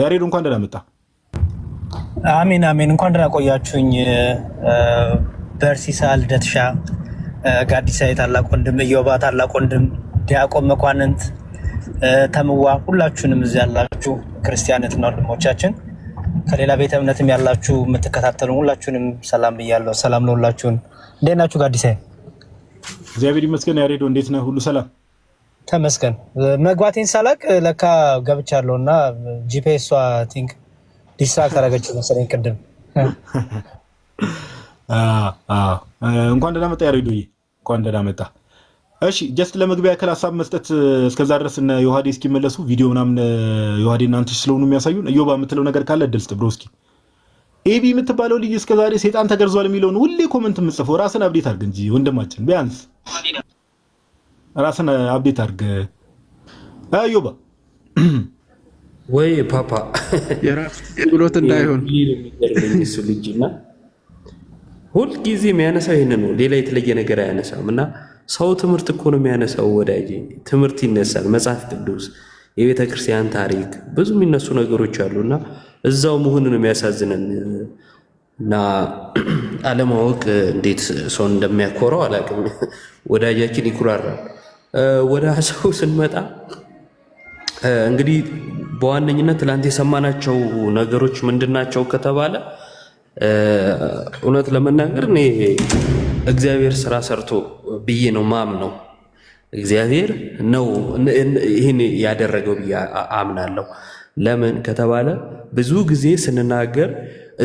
ያሬዱ እንኳን ደህና መጣ። አሜን አሜን። እንኳን ደህና ቆያችሁኝ። በርሲሳ ልደትሻ፣ ጋዲሳ ታላቅ ወንድም፣ እዮባ ታላቅ ወንድም፣ ዲያቆን መኳንንት ተምዋ፣ ሁላችሁንም እዚህ ያላችሁ ክርስቲያንትና ወንድሞቻችን ከሌላ ቤተ እምነትም ያላችሁ የምትከታተሉ ሁላችሁንም ሰላም ብያለሁ። ሰላም ለሁላችሁን። እንዴት ናችሁ? ጋዲሳ፣ እግዚአብሔር ይመስገን። ያሬዶ እንዴት ነህ? ሁሉ ሰላም ተመስገን መግባቴን ሳላቅ ለካ ገብቻለሁ እና ጂፒኤሷ ቲንክ ዲስትራክት አደረገችው መሰለኝ። ቅድም እንኳን ደህና መጣ ያሬዱዬ፣ እንኳን ደህና መጣ። እሺ ጀስት ለመግቢያ ያክል ሀሳብ መስጠት እስከዛ ድረስ እነ ዮሐዴ እስኪመለሱ ቪዲዮ ምናምን ዮሐዴ እና አንትሽ ስለሆኑ የሚያሳዩን እዮባ የምትለው ነገር ካለ እድል ስጥ እስኪ ኤቢ የምትባለው ልጅ እስከዛሬ ሴጣን ተገርዟል የሚለውን ሁሌ ኮመንት የምጽፈው ራስን አብዴት አድርግ እንጂ ወንድማችን ቢያንስ ራስን አብዴት አድርግ አዩባ ወይ ፓፓ ብሎት እንዳይሆን እሱ ልጅ እና ሁልጊዜ የሚያነሳው ይህን ነው። ሌላ የተለየ ነገር አያነሳም። እና ሰው ትምህርት እኮ ነው የሚያነሳው ወዳጅ፣ ትምህርት ይነሳል። መጽሐፍ ቅዱስ፣ የቤተ ክርስቲያን ታሪክ፣ ብዙ የሚነሱ ነገሮች አሉ እና እዛው መሆን ነው የሚያሳዝነን። እና አለማወቅ እንዴት ሰውን እንደሚያኮረው አላውቅም። ወዳጃችን ይኩራራል። ወደ ሰው ስንመጣ እንግዲህ በዋነኝነት ትላንት የሰማናቸው ነገሮች ምንድናቸው ከተባለ እውነት ለመናገር እኔ እግዚአብሔር ስራ ሰርቶ ብዬ ነው ማም ነው እግዚአብሔር ነው ይህን ያደረገው ብዬ አምናለሁ። ለምን ከተባለ ብዙ ጊዜ ስንናገር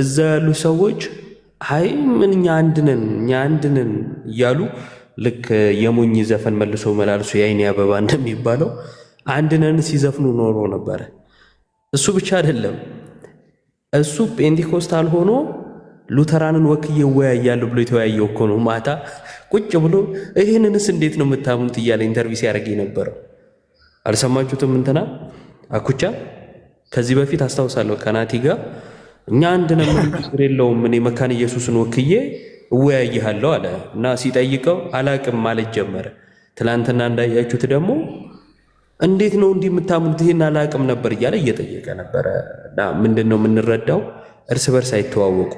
እዛ ያሉ ሰዎች አይ ምን እኛ አንድነን እኛ አንድነን እያሉ ልክ የሙኝ ዘፈን መልሶ መላልሶ የአይኔ አበባ እንደሚባለው ነን ሲዘፍኑ ኖሮ ነበረ። እሱ ብቻ አይደለም፣ እሱ ጴንቴኮስታል ሆኖ ሉተራንን ወክዬ እወያያለሁ ብሎ የተወያየው እኮ ነው። ማታ ቁጭ ብሎ ይህንንስ እንዴት ነው የምታምኑት እያለ ኢንተርቪው ሲያደርግ የነበረው አልሰማችሁትም? እንትና አኩቻ ከዚህ በፊት አስታውሳለሁ ከናቲ ጋር እኛ አንድነን ችግር የለውም እኔ መካን ኢየሱስን ወክዬ እወያይሃለሁ አለ እና ሲጠይቀው አላቅም ማለት ጀመረ። ትላንትና እንዳያችሁት ደግሞ እንዴት ነው እንዲህ የምታምኑት? ይህን አላቅም ነበር እያለ እየጠየቀ ነበረ። እና ምንድን ነው የምንረዳው? እርስ በርስ አይተዋወቁ።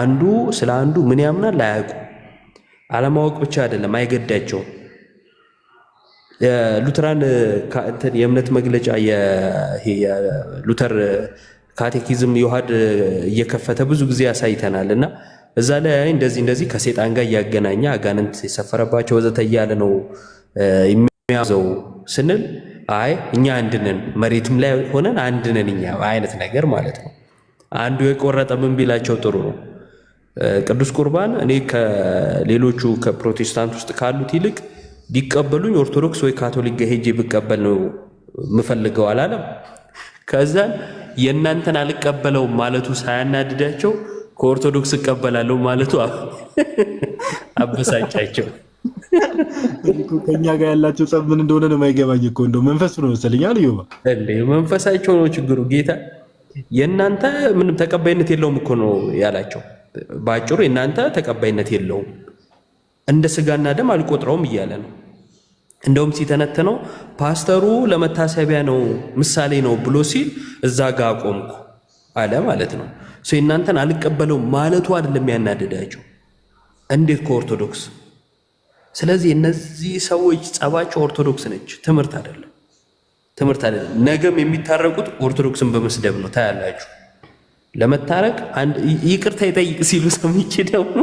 አንዱ ስለ አንዱ ምን ያምናል አያውቁ። አለማወቅ ብቻ አይደለም አይገዳቸውም። ሉትራን የእምነት መግለጫ የሉተር ካቴኪዝም ዮሐድ እየከፈተ ብዙ ጊዜ ያሳይተናል እና እዛ ላይ እንደዚህ እንደዚህ ከሴጣን ጋር እያገናኘ አጋንንት የሰፈረባቸው ወዘተ እያለ ነው የሚያዘው ስንል አይ እኛ አንድነን መሬትም ላይ ሆነን አንድነን እኛ አይነት ነገር ማለት ነው። አንዱ የቆረጠ ምን ቢላቸው ጥሩ ነው። ቅዱስ ቁርባን እኔ ከሌሎቹ ከፕሮቴስታንት ውስጥ ካሉት ይልቅ ቢቀበሉኝ ኦርቶዶክስ ወይ ካቶሊክ ጋር ሄጄ ብቀበል ነው ምፈልገው አላለም። ከዛን የእናንተን አልቀበለውም ማለቱ ሳያናድዳቸው ከኦርቶዶክስ እቀበላለሁ ማለቱ አበሳጫቸው። ከኛ ጋር ያላቸው ጸብ ምን እንደሆነ ነው የማይገባኝ እኮ እንደው መንፈስ ነው መሰለኝ። መንፈሳቸው ነው ችግሩ። ጌታ የእናንተ ምንም ተቀባይነት የለውም እኮ ነው ያላቸው። በአጭሩ የእናንተ ተቀባይነት የለውም፣ እንደ ስጋና ደም አልቆጥረውም እያለ ነው። እንደውም ሲተነትነው ፓስተሩ ለመታሰቢያ ነው ምሳሌ ነው ብሎ ሲል እዛ ጋር አቆምኩ። አለ ማለት ነው። እናንተን አልቀበለው ማለቱ አይደለም ያናደዳቸው፣ እንዴት ከኦርቶዶክስ ስለዚህ እነዚህ ሰዎች ጸባቸው ኦርቶዶክስ ነች፣ ትምህርት አይደለም ትምህርት አይደለም። ነገም የሚታረቁት ኦርቶዶክስን በመስደብ ነው። ታያላችሁ ለመታረቅ አንድ ይቅርታ ይጠይቅ ሲሉ ሰምቼ ደግሞ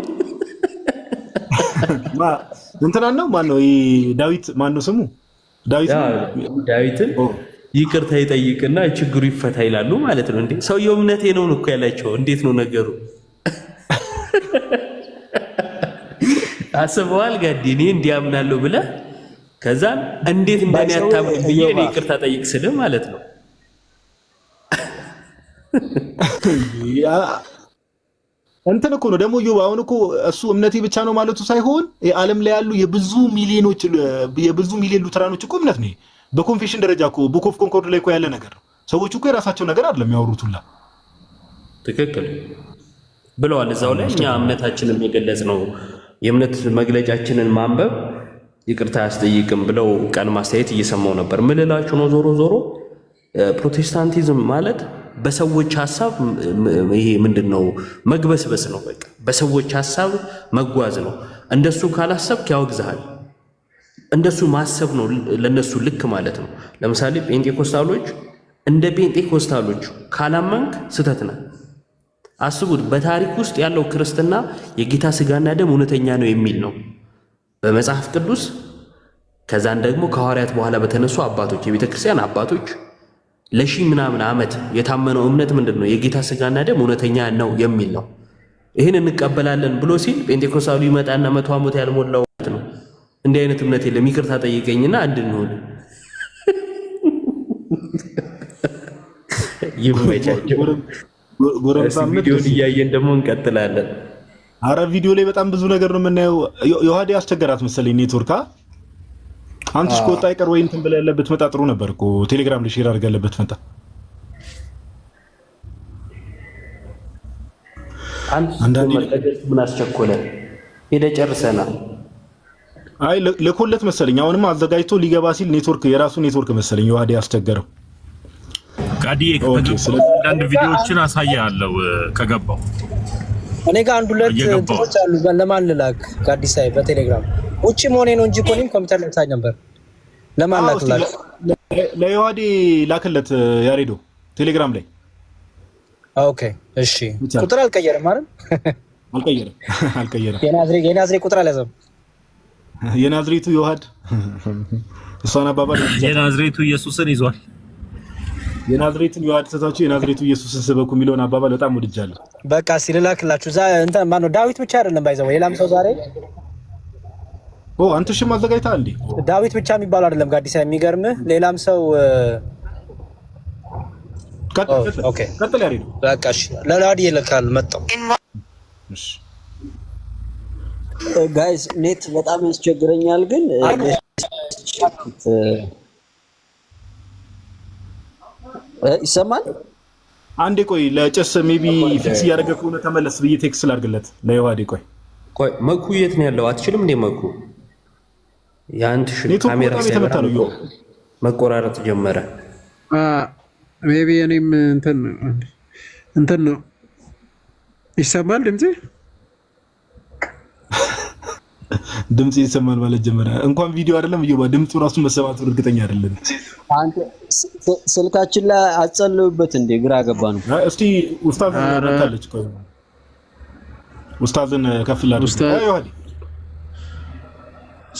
እንትናን ነው ማነው ዳዊት ማነው ስሙ ዳዊት ዳዊትን ይቅርታ ይጠይቅና ችግሩ ይፈታ ይላሉ ማለት ነው። እንዴ ሰውየው እምነቴ ነው እኮ ያላቸው። እንዴት ነው ነገሩ? አስበዋል ጋዲ እኔ እንዲያምናለሁ ብለ ከዛም እንዴት እንደ ያታምን ብዬ እኔ ይቅርታ ጠይቅ ስል ማለት ነው። እንትን እኮ ነው ደግሞ ዮብ አሁን እኮ እሱ እምነቴ ብቻ ነው ማለቱ ሳይሆን የዓለም ላይ ያሉ የብዙ ሚሊዮኖች የብዙ ሚሊዮን ሉትራኖች እኮ እምነት ነው በኮንፌሽን ደረጃ ቡክ ኦፍ ኮንኮርድ ላይ ያለ ነገር ነው። ሰዎች እኮ የራሳቸው ነገር አይደለም የሚያወሩት ሁላ። ትክክል ብለዋል እዛው ላይ እኛ እምነታችንን የገለጽ ነው የእምነት መግለጫችንን ማንበብ ይቅርታ አያስጠይቅም ብለው ቀን ማስተያየት እየሰማው ነበር። ምልላችሁ ነው ዞሮ ዞሮ ፕሮቴስታንቲዝም ማለት በሰዎች ሀሳብ ይሄ ምንድን ነው መግበስበስ ነው። በቃ በሰዎች ሀሳብ መጓዝ ነው። እንደሱ ካላሰብክ ያወግዝሃል። እንደሱ ማሰብ ነው ለነሱ ልክ ማለት ነው። ለምሳሌ ጴንጤኮስታሎች እንደ ጴንጤኮስታሎች ካላመንክ ስተት ነህ። አስቡት፣ በታሪክ ውስጥ ያለው ክርስትና የጌታ ስጋና ደም እውነተኛ ነው የሚል ነው በመጽሐፍ ቅዱስ ከዛን ደግሞ ከሐዋርያት በኋላ በተነሱ አባቶች የቤተ ክርስቲያን አባቶች ለሺ ምናምን ዓመት የታመነው እምነት ምንድን ነው? የጌታ ስጋና ደም እውነተኛ ነው የሚል ነው። ይህን እንቀበላለን ብሎ ሲል ጴንጤኮስታሉ ይመጣና መቶ ዓመት ያልሞላው እንዲህ አይነት እምነት የለም። ይቅርታ ጠይቀኝና አንድ እንሆን። ይመቻቸው። እያየን ደግሞ እንቀጥላለን። አረ ቪዲዮ ላይ በጣም ብዙ ነገር ነው የምናየው። የውሃዴ አስቸገራት መሰለኝ ኔትወርካ። አንተ እሺ ከወጣ ይቀር ወይ እንትን ብለህ ያለበት መጣ ጥሩ ነበር እኮ ቴሌግራም ላይ ሼር አድርገህ ያለበት መጣ። አንድ ምን አስቸኮለ? ሄደህ ጨርሰናል። አይ ልኮለት መሰለኝ። አሁንም አዘጋጅቶ ሊገባ ሲል ኔትወርክ የራሱ ኔትወርክ መሰለኝ ዋዲ ያስቸገረው። ቃዲ አንዳንድ ቪዲዮዎችን አሳያለሁ ከገባው። እኔ ጋር አንድ ሁለት እንትኖች አሉ። ለማን ልላክ? ከአዲስ አበባ በቴሌግራም ውጪ መሆኔ ነው እንጂ ኮኒም ኮምፒውተር ለምሳኝ ነበር። ለማን ላክ? ላክ ለዮሐዲ ላክለት፣ ያሬዶ ቴሌግራም ላይ ኦኬ። እሺ ቁጥር አልቀየረም አይደል? አልቀየረም፣ አልቀየረም። የናዝሬ ቁጥር አልያዘም የናዝሬቱ ዮሐድ እሷን አባባል የናዝሬቱ ኢየሱስን ይዟል። የናዝሬቱን ዮሐድ ትታችሁ የናዝሬቱ ኢየሱስን ስበኩ የሚለውን አባባል በጣም ወድጃለሁ። በቃ ሲልላክላችሁ እዛ እንትን ማነው ዳዊት ብቻ አይደለም ባይዘው ሌላም ሰው ዛሬ ኦ አንተ ሽም አዘጋጅታ እንዴ ዳዊት ብቻ የሚባለው አይደለም ጋዲሳ የሚገርም ሌላም ሰው ቀጥል ቀጥል ያሬ ነው በቃ እሺ ለላዲ ይልካል መጣው እሺ ጋይስ ኔት በጣም ያስቸግረኛል፣ ግን ይሰማል። አንዴ ቆይ፣ ለጭስ ሜቢ ፊክስ እያደረገ ከሆነ ተመለስ ብዬ ቴክስ ላድርግለት ለዮሐዴ። ቆይ ቆይ፣ መኩ የት ነው ያለው? አትችልም እንዴ መኩ? የአንድ ካሜራ መቆራረጥ ጀመረ። ሜቢ እኔም እንትን ነው። ይሰማል ድምጽ ድምፅ ይሰማል ማለት ጀመረ። እንኳን ቪዲዮ አይደለም እየባ ድምፁ ራሱ መሰማቱን እርግጠኛ አይደለም። ስልካችን ላይ አጸልዩበት እንዴ ግራ ገባ ነው። እስቲ ኡስታዝ ታለች ቆይ ኡስታዝን ከፍላ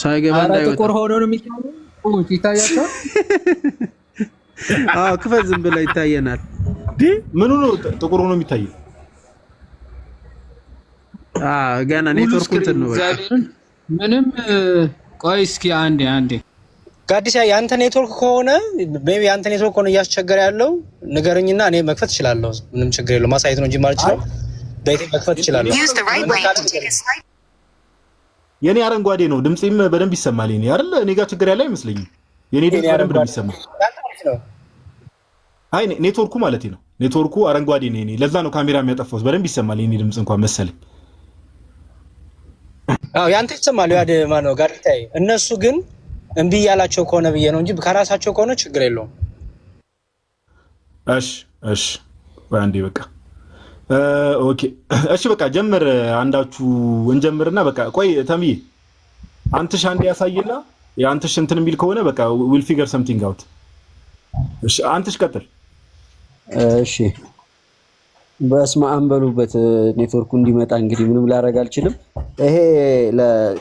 ሳይገባ ጥቁር ሆኖ ነው ይታያቸዋል። ክፈት ዝም ብላ ይታየናል። ምኑ ነው ጥቁር ሆኖ የሚታየው? ገና ኔትወርክ እንትን ነው ምንም ቆይ እስኪ አንዴ አንዴ ጋዲስ የአንተ ኔትወርክ ከሆነ ሜቢ ያንተ ኔትወርክ ከሆነ እያስቸገረ ያለው ንገረኝና እኔ መክፈት እችላለሁ። ምንም ችግር የለው። ማሳየት ነው እንጂ ማለት ነው። በይቴ መክፈት እችላለሁ። የእኔ አረንጓዴ ነው፣ ድምፅም በደንብ ይሰማል። ኔ አይደል እኔ ጋር ችግር ያለ አይመስለኝም። የእኔ ድምፅ በደንብ ነው የሚሰማው። አይ ኔትወርኩ ማለት ነው። ኔትወርኩ አረንጓዴ ነው። ለዛ ነው ካሜራ የሚያጠፋው። በደንብ ይሰማል የኔ ድምፅ እንኳን መሰለኝ። አዎ ያንተ ይሰማል። ነው ማነው ታይ እነሱ ግን እምቢ እያላቸው ከሆነ ብዬ ነው እንጂ ከራሳቸው ከሆነ ችግር የለውም። እሺ እሺ፣ በአንዴ በቃ ኦኬ፣ እሺ በቃ ጀምር። አንዳችሁ እንጀምርና በቃ ቆይ፣ ተምዬ አንትሽ አንዴ ያሳይና የአንትሽ እንትን የሚል ከሆነ በቃ ዊል ፊገር ሰምቲንግ አውት። እሺ አንተሽ ቀጥል። እሺ በስመ አብ በሉበት ኔትወርኩ እንዲመጣ እንግዲህ ምንም ላደርግ አልችልም። ይሄ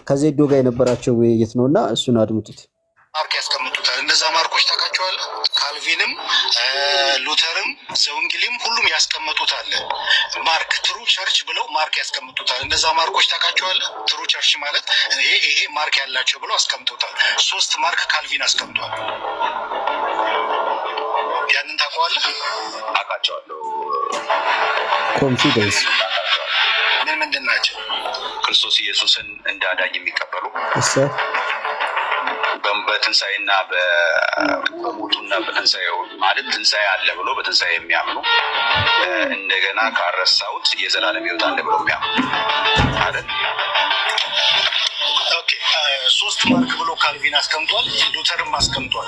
ከዜዶ ጋር የነበራቸው ውይይት ነው እና እሱን አድምጡት። ማርክ ያስቀምጡታል። እነዛ ማርኮች ታውቃቸዋለህ። ካልቪንም ሉተርም ዘውንግሊም ሁሉም ያስቀምጡታል። ማርክ ትሩ ቸርች ብለው ማርክ ያስቀምጡታል። እነዛ ማርኮች ታውቃቸዋለህ። ትሩ ቸርች ማለት ይሄ ይሄ ማርክ ያላቸው ብለው አስቀምጡታል። ሶስት ማርክ ካልቪን አስቀምጧል። ያንን ታውቀዋለህ? አውቃቸዋለሁ። ኮንፊደንስ ምን ምንድን ናቸው? ክርስቶስ ኢየሱስን እንደ አዳኝ የሚቀበሉ በትንሳኤና በሞቱና በትንሣኤው ማለት ትንሳኤ አለ ብሎ በትንሳኤ የሚያምኑ እንደገና ካረሳሁት የዘላለም ሕይወት አለ ብሎ የሚያምኑ ማለት ሶስት ማርክ ብሎ ካልቪን አስቀምጧል፣ ሉተርም አስቀምጧል።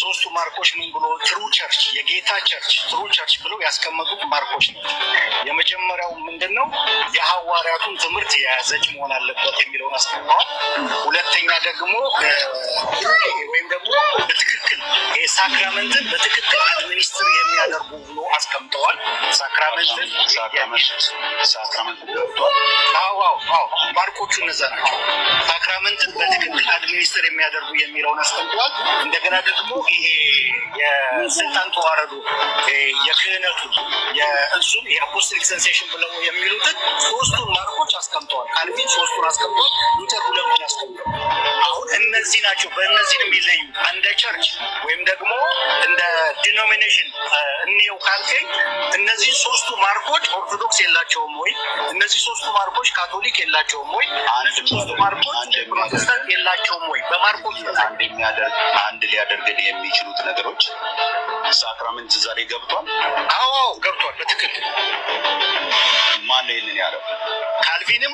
ሶስቱ ማርኮች ምን ብሎ ትሩ ቸርች፣ የጌታ ቸርች፣ ትሩ ቸርች ብሎ ያስቀመጡት ማርኮች ነው። የመጀመሪያው ምንድን ነው? የሐዋርያቱን ትምህርት የያዘች መሆን አለበት የሚለውን አስቀምጠዋል። ሁለተኛ ደግሞ ወይም ደግሞ በትክክል ሳክራመንትን በትክክል አድሚኒስትር የሚያደርጉ ብሎ አስቀምጠዋል። ሳክራመንትን ሳክራመንትን ገብቷል። አዎ አዎ ባርኮቹ እነዛ ናቸው። ሳክራመንትን በትክክል አድሚኒስትር የሚያደርጉ የሚለውን አስቀምጠዋል። እንደገና ደግሞ ይሄ የስልጣን ተዋረዱ የክህነቱ የእሱም የአፖስቶሊክ ሴንሴሽን ብለው የሚሉትን ሶስቱን ማርኮች አስቀምጠዋል። ካልቪን ሶስቱን አስቀምጠዋል። ሉተር ሁለቱን አስቀምጠዋል። አሁን እነዚህ ናቸው። በእነዚህ ነው የሚለዩ አንደ ቸርች ወይም ደግሞ እንደ ዲኖሚኔሽን uh, እኔው ካልከኝ እነዚህ ሶስቱ ማርኮች ኦርቶዶክስ የላቸውም ወይ? እነዚህ ሶስቱ ማርኮች ካቶሊክ የላቸውም ወይ? እነዚህ ሶስቱ ማርኮች ፕሮቴስታንት የላቸውም ወይ? በማርኮች አንድ ሊያደርግን የሚችሉት ነገሮች ሳክራመንት ዛሬ ገብቷል። አዎ ገብቷል፣ በትክክል ማን ነው ይህንን ያለው? ካልቪንም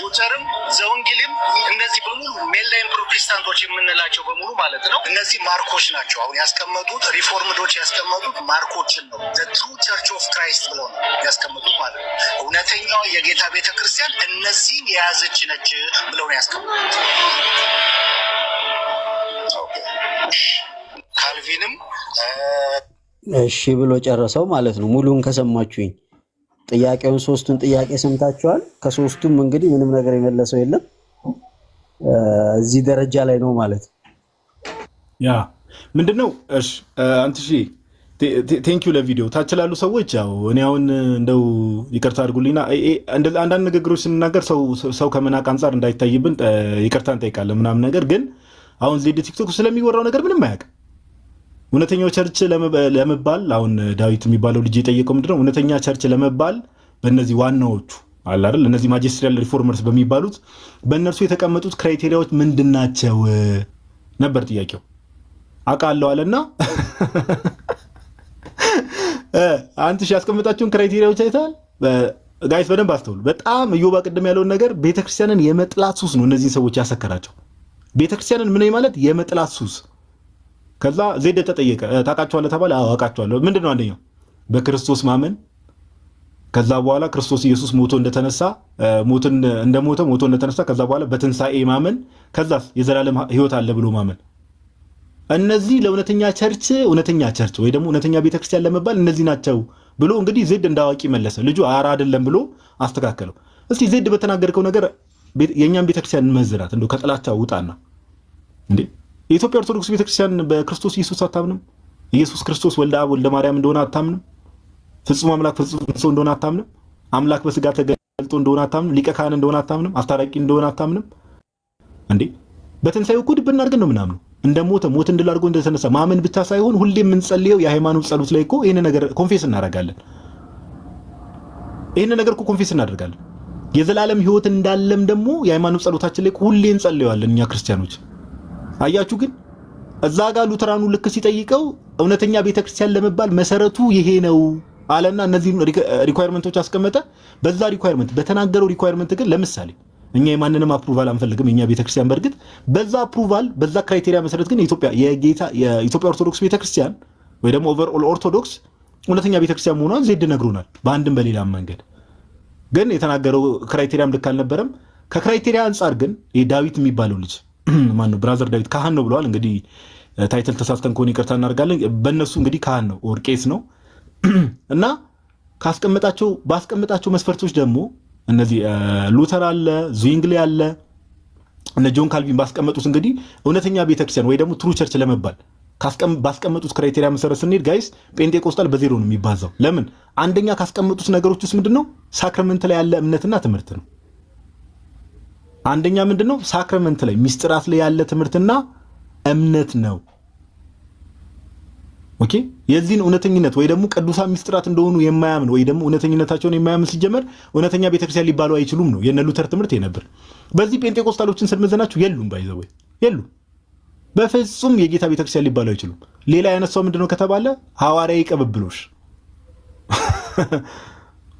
ሉተርም ዘውንግሊም እነዚህ በሙሉ ሜንላይን ፕሮቴስታንቶች የምንላቸው በሙሉ ማለት ነው። እነዚህ ማርኮች ናቸው። አሁን ያስቀመጡት ሪፎርምዶች ያስቀመጡት ማርኮችን ነው። ትሩ ቸርች ኦፍ ክራይስት ብሎ ነው ያስቀመጡት ማለት ነው። እውነተኛው የጌታ ቤተ ክርስቲያን እነዚህን የያዘች ነች ብለው ነው ያስቀመጡት። ካልቪንም እሺ ብሎ ጨረሰው ማለት ነው። ሙሉን ከሰማችሁኝ ጥያቄውን ሶስቱን ጥያቄ ሰምታችኋል። ከሶስቱም እንግዲህ ምንም ነገር የመለሰው የለም። እዚህ ደረጃ ላይ ነው ማለት ያ ምንድን ነው? እሺ አንት ሺ ቴንኪዩ ለቪዲዮ ታች ላሉ ሰዎች ያው እኔ አሁን እንደው ይቅርታ አድርጉልኝና አንዳንድ ንግግሮች ስንናገር ሰው ከመናቅ አንጻር እንዳይታይብን ይቅርታ እንጠይቃለን ምናምን ነገር ግን አሁን ዜድ ቲክቶክ ስለሚወራው ነገር ምንም አያውቅም እውነተኛው ቸርች ለመባል አሁን ዳዊት የሚባለው ልጅ የጠየቀው ምንድነው? እውነተኛ ቸርች ለመባል በእነዚህ ዋናዎቹ አለ አይደል እነዚህ ማጀስትሪያል ሪፎርመርስ በሚባሉት በእነርሱ የተቀመጡት ክራይቴሪያዎች ምንድናቸው ነበር ጥያቄው። አውቃለሁ አለና አንተ ሺ ያስቀመጣችሁን ክራይቴሪያዎች አይተሃል ጋይስ? በደንብ አስተውሉ። በጣም እዮባ ቅድም ያለውን ነገር ቤተክርስቲያንን የመጥላት ሱስ ነው እነዚህን ሰዎች ያሰከራቸው። ቤተክርስቲያንን ምን ማለት የመጥላት ሱስ ከዛ ዜድ ተጠየቀ። ታውቃቸዋለህ ተባለ። አውቃቸዋለሁ። ምንድን ነው አንደኛው በክርስቶስ ማመን ከዛ በኋላ ክርስቶስ ኢየሱስ ሞቶ እንደተነሳ ሞትን እንደሞተ ሞቶ እንደተነሳ ከዛ በኋላ በትንሣኤ ማመን ከዛስ የዘላለም ሕይወት አለ ብሎ ማመን። እነዚህ ለእውነተኛ ቸርች እውነተኛ ቸርች ወይ ደግሞ እውነተኛ ቤተክርስቲያን ለመባል እነዚህ ናቸው ብሎ እንግዲህ ዜድ እንዳዋቂ መለሰ። ልጁ አራ አይደለም ብሎ አስተካከለው። እስቲ ዜድ በተናገርከው ነገር የእኛን ቤተክርስቲያን መዝራት እንደው ከጥላቻ ውጣና እንዴ የኢትዮጵያ ኦርቶዶክስ ቤተክርስቲያን በክርስቶስ ኢየሱስ አታምንም? ኢየሱስ ክርስቶስ ወልደ አብ ወልደ ማርያም እንደሆነ አታምንም? ፍጹም አምላክ ፍጹም ሰው እንደሆነ አታምንም? አምላክ በስጋ ተገልጦ እንደሆነ አታምንም? ሊቀ ካህን እንደሆነ አታምንም? አስታራቂ እንደሆነ አታምንም? እንዴ በትንሳኤው እኮ ድብን ነው ምናምኑ እንደ ሞተ ሞት እንድል አድርጎ እንደተነሳ ማመን ብቻ ሳይሆን ሁሌ የምንጸልየው የሃይማኖት ጸሎት ላይ እኮ ይህን ነገር ኮንፌስ እናደርጋለን። ይህን ነገር እኮ ኮንፌስ እናደርጋለን። የዘላለም ህይወት እንዳለም ደግሞ የሃይማኖት ጸሎታችን ላይ ሁሌ እንጸልየዋለን እኛ ክርስቲያኖች። አያችሁ ግን እዛ ጋር ሉተራኑ ልክ ሲጠይቀው እውነተኛ ቤተክርስቲያን ለመባል መሰረቱ ይሄ ነው አለና እነዚህ ሪኳየርመንቶች አስቀመጠ። በዛ ሪኳየርመንት በተናገረው ሪኳየርመንት ግን ለምሳሌ እኛ የማንንም አፕሩቫል አንፈልግም የኛ ቤተክርስቲያን። በእርግጥ በዛ አፕሩቫል በዛ ክራይቴሪያ መሰረት ግን የኢትዮጵያ የኢትዮጵያ ኦርቶዶክስ ቤተክርስቲያን ወይ ደግሞ ኦቨር ኦል ኦርቶዶክስ እውነተኛ ቤተክርስቲያን መሆኗን ዜድ ነግሮናል። በአንድም በሌላም መንገድ ግን የተናገረው ክራይቴሪያም ልክ አልነበረም። ከክራይቴሪያ አንጻር ግን ዳዊት የሚባለው ልጅ ማን ነው ብራዘር ዳዊት ካህን ነው ብለዋል። እንግዲህ ታይትል ተሳስተን ከሆነ ይቅርታ እናደርጋለን። በእነሱ እንግዲህ ካህን ነው ኦር ቄስ ነው እና ካስቀመጣቸው ባስቀመጣቸው መስፈርቶች ደግሞ እነዚህ ሉተር አለ፣ ዙዊንግሊ አለ፣ እነ ጆን ካልቪን ባስቀመጡት እንግዲህ እውነተኛ ቤተክርስቲያን ወይ ደግሞ ትሩ ቸርች ለመባል ባስቀመጡት ክራይቴሪያ መሰረት ስንሄድ ጋይስ ጴንጤቆስጣል በዜሮ ነው የሚባዛው። ለምን አንደኛ ካስቀመጡት ነገሮች ውስጥ ምንድን ነው ላይ ያለ እምነትና ትምህርት ነው። አንደኛ ምንድን ነው ሳክረመንት ላይ ሚስጥራት ላይ ያለ ትምህርትና እምነት ነው። ኦኬ የዚህን እውነተኝነት ወይ ደግሞ ቅዱሳን ሚስጥራት እንደሆኑ የማያምን ወይ ደግሞ እውነተኝነታቸውን የማያምን ሲጀመር እውነተኛ ቤተክርስቲያን ሊባሉ አይችሉም ነው የነ ሉተር ትምህርት የነበር። በዚህ ጴንጤቆስታሎችን ስንመዘናቸው የሉም ባይዘወይ የሉም በፍጹም የጌታ ቤተክርስቲያን ሊባሉ አይችሉም። ሌላ ያነሳው ምንድነው ከተባለ ሐዋርያዊ ቅብብሎሽ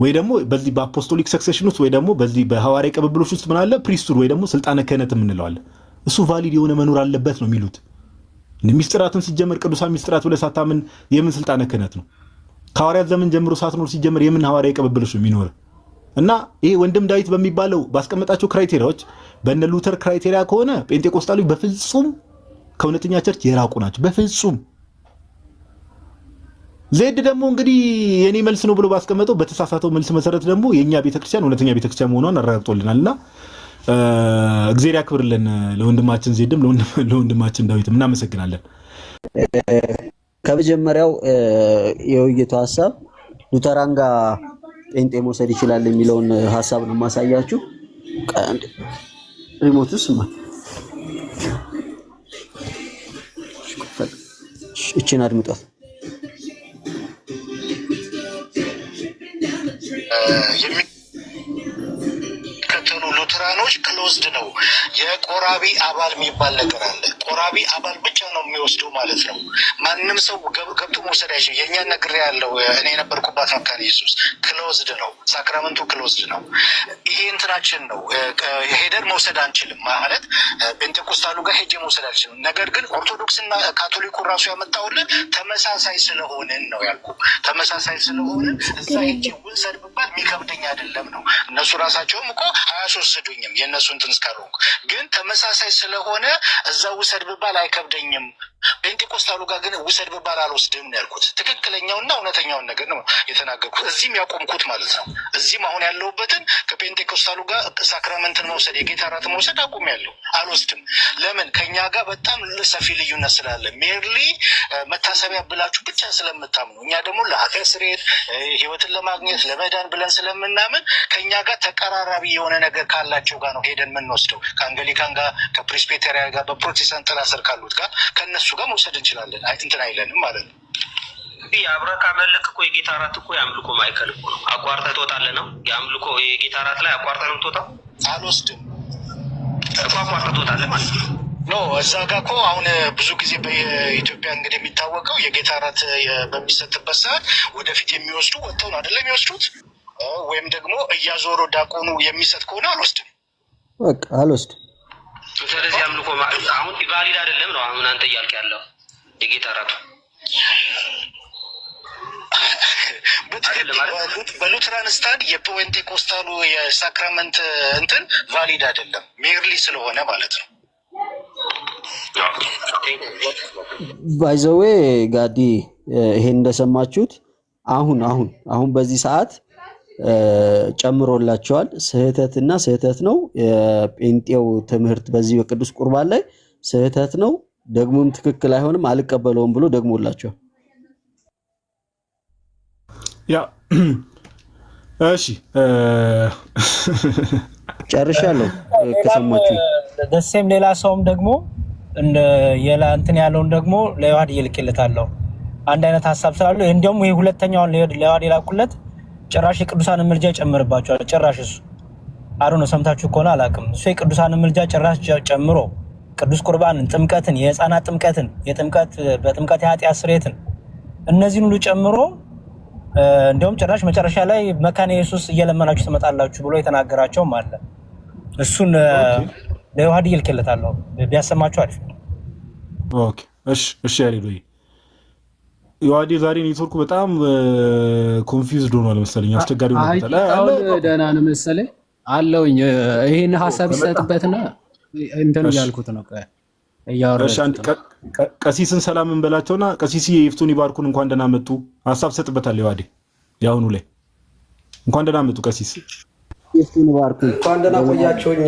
ወይ ደግሞ በዚህ በአፖስቶሊክ ሰክሴሽን ውስጥ ወይ ደግሞ በዚህ በሐዋርያ ቅብብሎች ውስጥ ምናለ ፕሪስቱር ወይ ደግሞ ስልጣነ ክህነት የምንለዋለን እሱ ቫሊድ የሆነ መኖር አለበት ነው የሚሉት። ሚስጥራትን ሲጀመር ቅዱሳን ሚስጥራት ብለህ ሳታምን የምን ስልጣነ ክህነት ነው? ከሐዋርያት ዘመን ጀምሮ ሳትኖር ሲጀመር የምን ሐዋርያ ቅብብሎች ነው የሚኖር? እና ይሄ ወንድም ዳዊት በሚባለው ባስቀመጣቸው ክራይቴሪያዎች በእነ ሉተር ክራይቴሪያ ከሆነ ጴንጤቆስጣሎች በፍጹም ከእውነተኛ ቸርች የራቁ ናቸው በፍጹም ዜድ ደግሞ እንግዲህ የኔ መልስ ነው ብሎ ባስቀመጠው በተሳሳተው መልስ መሰረት ደግሞ የእኛ ቤተክርስቲያን እውነተኛ ቤተክርስቲያን መሆኗን አረጋግጦልናል እና እግዜር ያክብርልን ለወንድማችን ዜድም ለወንድማችን ዳዊትም እናመሰግናለን። ከመጀመሪያው የውይይቱ ሀሳብ ሉተራን ጋር ጴንጤ መውሰድ ይችላል የሚለውን ሀሳብ ነው የማሳያችሁ። ሪሞት ስማ እችን አድምጧት። የሚከተሉ ሉትራኖች ክሎዝድ ነው። የቆራቢ አባል የሚባል ነገር አለ። ቆራቢ አባል ብቻ ነው የሚወስደው ማለት ነው። ማንም ሰው ገብቶ መውሰድ አይችልም። የእኛ ነግር ያለው እኔ የነበርኩባት መካነ ኢየሱስ ክሎዝድ ነው፣ ሳክራመንቱ ክሎዝድ ነው። ይሄ እንትናችን ነው፣ ሄደን መውሰድ አንችልም ማለት ፔንቴኮስታሉ ጋር ሄጄ መውሰድ አልችልም። ነገር ግን ኦርቶዶክስና ካቶሊኩ ራሱ ያመጣውልን ተመሳሳይ ስለሆንን ነው ያልኩ። ተመሳሳይ ስለሆንን እዛ ሄጄ ውሰድ ብባል የሚከብደኝ አይደለም ነው። እነሱ ራሳቸውም እኮ አያስወስዱኝም የእነሱ እንትን እስካልሆንኩ። ግን ተመሳሳይ ስለሆነ እዛ ውሰድ ብባል አይከብደኝም him ፔንቴኮስታሉ ጋር ግን ውሰድ ብባል አልወስድም ነው ያልኩት። ትክክለኛውና እውነተኛውን ነገር ነው የተናገርኩት። እዚህም ያቆምኩት ማለት ነው። እዚህም አሁን ያለሁበትን ከፔንቴኮስታሉ ጋር ሳክራመንትን መውሰድ የጌታ ራት መውሰድ ያለው አልወስድም። ለምን ከኛ ጋር በጣም ሰፊ ልዩነት ስላለ ሜርሊ መታሰቢያ ብላችሁ ብቻ ስለምታምኑ፣ እኛ ደግሞ ለሀገር ስርየት ህይወትን ለማግኘት ለመዳን ብለን ስለምናምን ከኛ ጋር ተቀራራቢ የሆነ ነገር ካላቸው ጋር ነው ሄደን የምንወስደው ከአንገሊካን ጋር ከፕሬስቤተሪያ ጋር በፕሮቴስታንት ጥላ ስር ካሉት ጋር ከነሱ እሱ ጋር መውሰድ እንችላለን። አይ እንትን አይለንም ማለት ነው። እንግዲህ መልክ እኮ የጌታ እራት እኮ የአምልኮ ማይከል እኮ ነው። አቋርጠህ ትወጣለህ ነው የአምልኮ የጌታ እራት ላይ አቋርጠህ ነው ትወጣው። አልወስድም እኮ አቋርጠህ ትወጣለህ ማለት ነው። ኖ እዛ ጋ እኮ አሁን ብዙ ጊዜ በኢትዮጵያ እንግዲህ የሚታወቀው የጌታ እራት በሚሰጥበት ሰዓት ወደፊት የሚወስዱ ወጥተውን አደለ የሚወስዱት ወይም ደግሞ እያዞሮ ዳቆኑ የሚሰጥ ከሆነ አልወስድም፣ በቃ አልወስድም ስለዚህ አምልኮ አሁን ኢቫሊድ አይደለም ነው አሁን አንተ እያልክ ያለው የጌታ ራቱ በሉትራንስታድ የፔንቴኮስታሉ የሳክራመንት እንትን ቫሊድ አይደለም ሜርሊ ስለሆነ ማለት ነው። ባይዘዌ ጋዲ ይሄን እንደሰማችሁት አሁን አሁን አሁን በዚህ ሰዓት ጨምሮላቸዋል። ስህተትና ስህተት ነው። የጴንጤው ትምህርት በዚህ በቅዱስ ቁርባን ላይ ስህተት ነው፣ ደግሞም ትክክል አይሆንም፣ አልቀበለውም ብሎ ደግሞላቸዋል። ያ እሺ፣ ጨርሻለሁ። ከሰማችሁ ደሴም ሌላ ሰውም ደግሞ እንትን ያለውን ደግሞ ለዮሐድ እየልክለታለሁ አንድ አይነት ሀሳብ ስላለው እንዲሁም ይህ ሁለተኛውን ለዋድ የላኩለት ጭራሽ የቅዱሳን ምልጃ ይጨምርባቸዋል። ጭራሽ እሱ አሩ ነው። ሰምታችሁ ከሆነ አላውቅም። እሱ የቅዱሳን ምልጃ ጭራሽ ጨምሮ ቅዱስ ቁርባንን፣ ጥምቀትን፣ የህፃናት ጥምቀትን፣ የጥምቀት በጥምቀት የኃጢአት ስርየትን እነዚህን ሁሉ ጨምሮ እንዲሁም ጭራሽ መጨረሻ ላይ መካነ ኢየሱስ እየለመናችሁ ትመጣላችሁ ብሎ የተናገራቸውም አለ። እሱን ለዮሐድ ይልክለታለሁ ቢያሰማችሁ አሪፍ። እሺ እሺ የዋዴ ዛሬ ኔትወርኩ በጣም ኮንፊውዝድ ሆኗል መሰለኝ። አስቸጋሪ ደህና ነው መሰለኝ አለውኝ። ይህን ሀሳብ ይሰጥበትና እንትን እያልኩት ነው። ቀሲስን ሰላም እንበላቸውና ቀሲስ የፍቱን ይባርኩን እንኳን ደህና መጡ። ሀሳብ ሰጥበታል። የዋዴ የአሁኑ ላይ እንኳን ደህና መጡ ቀሲስ የፍቱን ይባርኩን። እንኳን ደህና ቆያችሁኝ።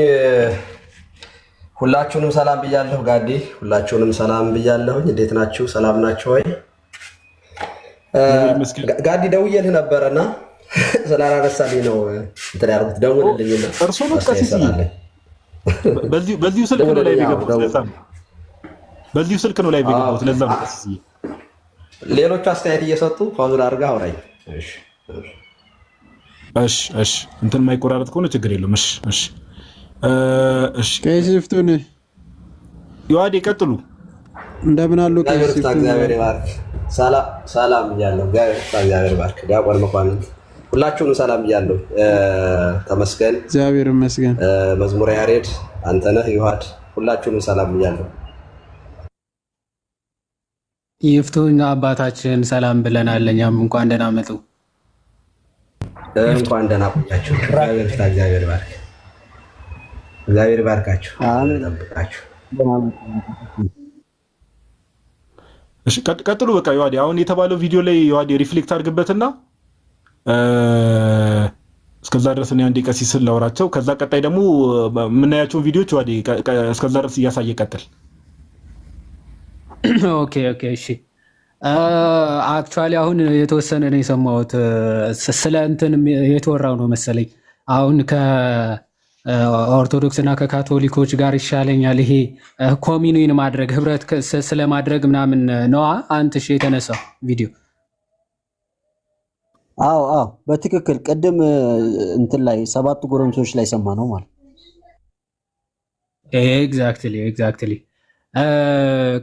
ሁላችሁንም ሰላም ብያለሁ። ጋዴ ሁላችሁንም ሰላም ብያለሁኝ። እንዴት ናችሁ? ሰላም ናችሁ ወይ? ጋዲ ደውዬልህ ነበረና ስላላነሳልኝ ነው እንትን ያልኩት። ደውልልኝና እርሱን ቀሲስ በዚሁ ስልክ ነው ላይ በዚሁ ስልክ ነው ላይ ቢገባሁት ለዛ ነው ቀሲስ። ሌሎቹ አስተያየት እየሰጡ ፋዙል አድርጋ አውራኝ። እሺ እሺ፣ እንትን የማይቆራረጥ ከሆነ ችግር የለውም። እሺ እሺ እሺ፣ ቀሲስ ይፍቱን ይዋዴ ቀጥሉ። እንደምን አሉ? እግዚአብሔር ይባርክ። ሰላም እያለሁ እግዚአብሔር ይባርክ። ዲያቆን መኳንንት ሁላችሁንም ሰላም እያለሁ። ተመስገን እግዚአብሔር ይመስገን። መዝሙረ ያሬድ አንተነህ ይዋድ ሁላችሁንም ሰላም እያለሁ። ይፍቱኝ አባታችን ሰላም ብለናል። እኛም እንኳን ደህና መጡ፣ እንኳን ደህና ቆያችሁ። እግዚአብሔር ይፍታ። እግዚአብሔር ይባርክ። እግዚአብሔር ይባርካችሁ፣ ይጠብቃችሁ። እሺ ቀጥሉ። በቃ ዮሐዴ አሁን የተባለው ቪዲዮ ላይ ዮሐዴ ሪፍሌክት አድርግበትና እስከዛ ድረስ እኔ አንዴ ቀሲስ ላውራቸው። ከዛ ቀጣይ ደግሞ የምናያቸውን ቪዲዮች ዮሐዴ እስከዛ ድረስ እያሳየ ቀጥል። ኦኬ ኦኬ። እሺ አክቹዋሊ አሁን የተወሰነ ነው የሰማሁት። ስለ እንትን የተወራው ነው መሰለኝ አሁን ኦርቶዶክስና ከካቶሊኮች ጋር ይሻለኛል። ይሄ ኮሚኒን ማድረግ ህብረት ስለማድረግ ምናምን ነዋ። አንተ ሺ የተነሳው ቪዲዮ አዎ፣ አዎ፣ በትክክል ቅድም እንትን ላይ ሰባት ጎረምሶች ላይ ሰማ ነው ማለት ኤግዛክትሊ፣ ኤግዛክትሊ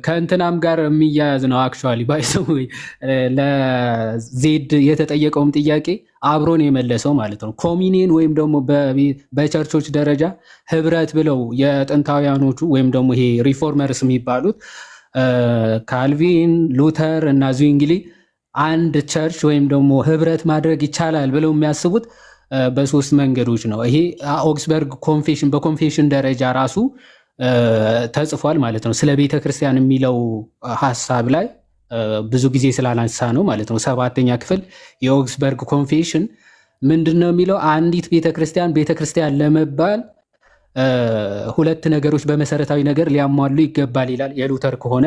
ከእንትናም ጋር የሚያያዝ ነው። አክቹዋሊ ባይሰ ለዜድ የተጠየቀውም ጥያቄ አብሮን የመለሰው ማለት ነው። ኮሚኒየን ወይም ደግሞ በቸርቾች ደረጃ ህብረት ብለው የጥንታውያኖቹ ወይም ደግሞ ይሄ ሪፎርመርስ የሚባሉት ካልቪን፣ ሉተር እና ዙንግሊ አንድ ቸርች ወይም ደግሞ ህብረት ማድረግ ይቻላል ብለው የሚያስቡት በሶስት መንገዶች ነው። ይሄ ኦግስበርግ ኮንፌሽን በኮንፌሽን ደረጃ ራሱ ተጽፏል ማለት ነው። ስለ ቤተ ክርስቲያን የሚለው ሀሳብ ላይ ብዙ ጊዜ ስላላንሳ ነው ማለት ነው። ሰባተኛ ክፍል የኦግስበርግ ኮንፌሽን ምንድን ነው የሚለው? አንዲት ቤተ ክርስቲያን ቤተ ክርስቲያን ለመባል ሁለት ነገሮች በመሰረታዊ ነገር ሊያሟሉ ይገባል ይላል። የሉተር ከሆነ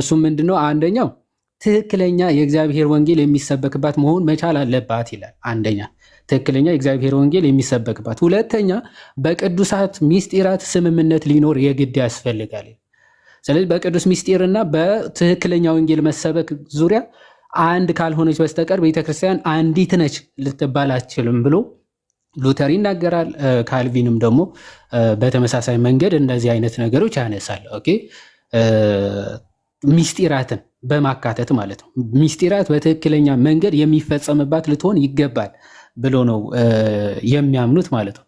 እሱም ምንድን ነው? አንደኛው ትክክለኛ የእግዚአብሔር ወንጌል የሚሰበክባት መሆን መቻል አለባት ይላል። አንደኛ ትክክለኛ የእግዚአብሔር ወንጌል የሚሰበክባት። ሁለተኛ በቅዱሳት ሚስጢራት ስምምነት ሊኖር የግድ ያስፈልጋል። ስለዚህ በቅዱስ ሚስጢርና በትክክለኛ ወንጌል መሰበክ ዙሪያ አንድ ካልሆነች በስተቀር ቤተክርስቲያን አንዲት ነች ልትባል አትችልም ብሎ ሉተር ይናገራል። ካልቪንም ደግሞ በተመሳሳይ መንገድ እንደዚህ አይነት ነገሮች ያነሳል። ኦኬ ሚስጢራትን በማካተት ማለት ነው። ሚስጢራት በትክክለኛ መንገድ የሚፈጸምባት ልትሆን ይገባል። ብሎ ነው የሚያምኑት ማለት ነው።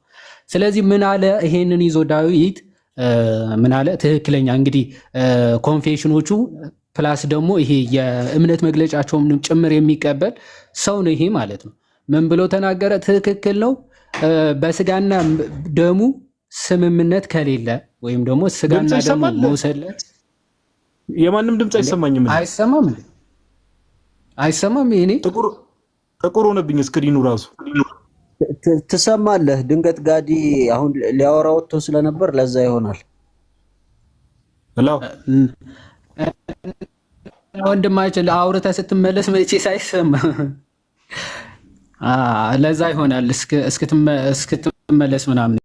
ስለዚህ ምን አለ ይሄንን ይዞ ዳዊት ምን አለ? ትክክለኛ እንግዲህ ኮንፌሽኖቹ ፕላስ ደግሞ ይሄ የእምነት መግለጫቸውም ጭምር የሚቀበል ሰው ነው ይሄ ማለት ነው። ምን ብሎ ተናገረ? ትክክል ነው። በስጋና ደሙ ስምምነት ከሌለ ወይም ደግሞ ስጋና ደሙ መውሰድለት የማንም ድምፅ አይሰማኝም። አይሰማም አይሰማም። ይሄኔ ጥቁር ጥቁር ሆነብኝ እስክሪኑ ራሱ ትሰማለህ። ድንገት ጋዲ አሁን ሊያወራ ወጥቶ ስለነበር ለዛ ይሆናል። ወንድማችን አውርተ ስትመለስ መቼ ሳይሰማ ለዛ ይሆናል እስክትመለስ ምናምን